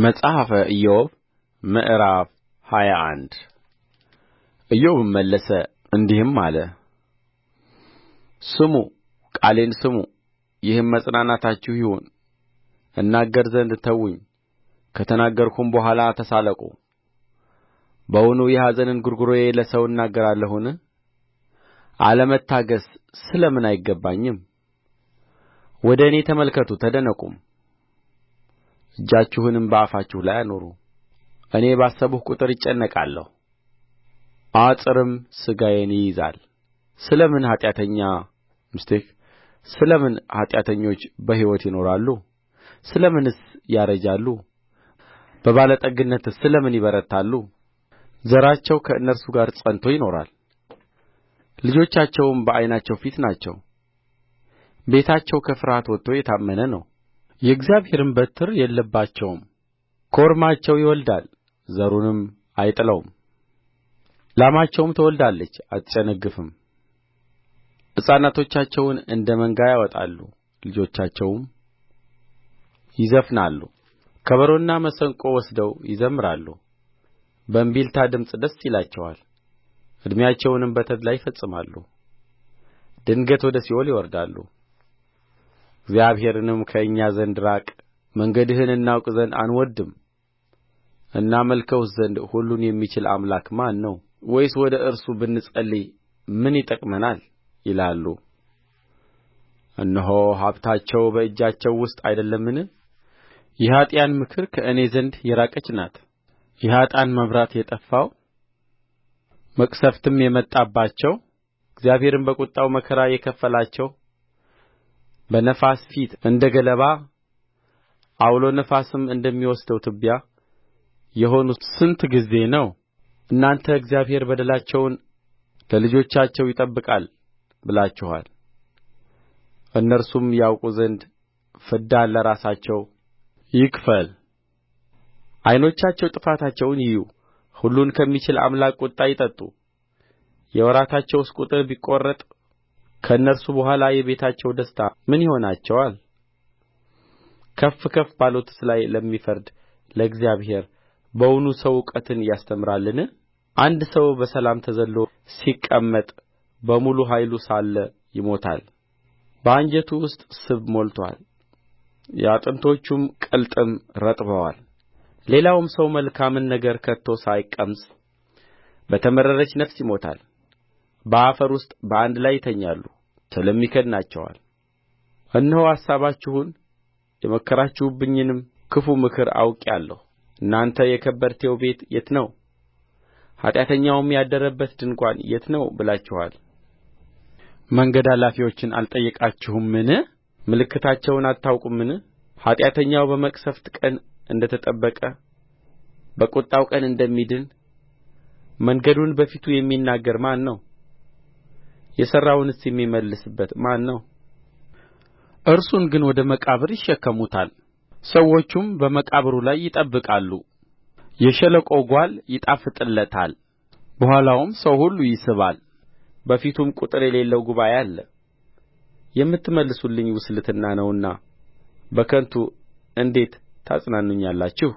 መጽሐፈ ኢዮብ ምዕራፍ ሃያ አንድ ኢዮብም መለሰ እንዲህም አለ ስሙ ቃሌን ስሙ ይህም መጽናናታችሁ ይሁን እናገር ዘንድ ተዉኝ ከተናገርሁም በኋላ ተሳለቁ በውኑ የኀዘን ጉርጉሮዬ ለሰው እናገራለሁን አለመታገሥ ስለ ምን አይገባኝም ወደ እኔ ተመልከቱ ተደነቁም እጃችሁንም በአፋችሁ ላይ አኑሩ እኔ ባሰብሁ ቍጥር እጨነቃለሁ አጥርም ሥጋዬን ይይዛል ስለ ምን ኃጢአተኞች በሕይወት ይኖራሉ ስለ ምንስ ያረጃሉ በባለጠግነትስ ስለ ምን ይበረታሉ ዘራቸው ከእነርሱ ጋር ጸንቶ ይኖራል ልጆቻቸውም በዓይናቸው ፊት ናቸው ቤታቸው ከፍርሃት ወጥቶ የታመነ ነው የእግዚአብሔርም በትር የለባቸውም ኮርማቸው ይወልዳል ዘሩንም አይጥለውም ላማቸውም ትወልዳለች አትጨነግፍም ሕፃናቶቻቸውን እንደ መንጋ ያወጣሉ ልጆቻቸውም ይዘፍናሉ ከበሮና መሰንቆ ወስደው ይዘምራሉ በእምቢልታ ድምፅ ደስ ይላቸዋል ዕድሜያቸውንም በተድላ ይፈጽማሉ ድንገት ወደ ሲኦል ይወርዳሉ እግዚአብሔርንም ከእኛ ዘንድ ራቅ መንገድህን እናውቅ ዘንድ አንወድድም እናመልከውስ ዘንድ ሁሉን የሚችል አምላክ ማን ነው ወይስ ወደ እርሱ ብንጸልይ ምን ይጠቅመናል ይላሉ እነሆ ሀብታቸው በእጃቸው ውስጥ አይደለምን የኀጥኣን ምክር ከእኔ ዘንድ የራቀች ናት የኀጥኣን መብራት የጠፋው መቅሠፍትም የመጣባቸው እግዚአብሔርም በቍጣው መከራ የከፈላቸው በነፋስ ፊት እንደ ገለባ ዐውሎ ነፋስም እንደሚወስደው ትቢያ የሆኑ ስንት ጊዜ ነው? እናንተ እግዚአብሔር በደላቸውን ለልጆቻቸው ይጠብቃል ብላችኋል። እነርሱም ያውቁ ዘንድ ፍዳን ለራሳቸው ይክፈል። ዐይኖቻቸው ጥፋታቸውን ይዩ፣ ሁሉን ከሚችል አምላክ ቍጣ ይጠጡ። የወራታቸውስ ቍጥር ቢቈረጥ ከእነርሱ በኋላ የቤታቸው ደስታ ምን ይሆናቸዋል ከፍ ከፍ ባሉትስ ላይ ለሚፈርድ ለእግዚአብሔር በውኑ ሰው እውቀትን ያስተምራልን አንድ ሰው በሰላም ተዘልሎ ሲቀመጥ በሙሉ ኃይሉ ሳለ ይሞታል በአንጀቱ ውስጥ ስብ ሞልቶአል የአጥንቶቹም ቅልጥም ረጥቦአል ሌላውም ሰው መልካምን ነገር ከቶ ሳይቀምስ በተመረረች ነፍስ ይሞታል በአፈር ውስጥ በአንድ ላይ ይተኛሉ ትልም ይከድናቸዋል እነሆ አሳባችሁን የመከራችሁብኝንም ክፉ ምክር አውቄአለሁ እናንተ የከበርቴው ቤት የት ነው ኃጢአተኛውም ያደረበት ድንኳን የት ነው ብላችኋል መንገድ አላፊዎችን አልጠየቃችሁምን ምልክታቸውን አታውቁምን ኃጢአተኛው በመቅሠፍት ቀን እንደ ተጠበቀ በቍጣው ቀን እንደሚድን መንገዱን በፊቱ የሚናገር ማን ነው የሠራውንስ የሚመልስበት ማን ነው እርሱን ግን ወደ መቃብር ይሸከሙታል ሰዎቹም በመቃብሩ ላይ ይጠብቃሉ የሸለቆው ጓል ይጣፍጥለታል በኋላውም ሰው ሁሉ ይስባል በፊቱም ቍጥር የሌለው ጉባኤ አለ የምትመልሱልኝ ውስልትና ነውና በከንቱ እንዴት ታጽናኑኛላችሁ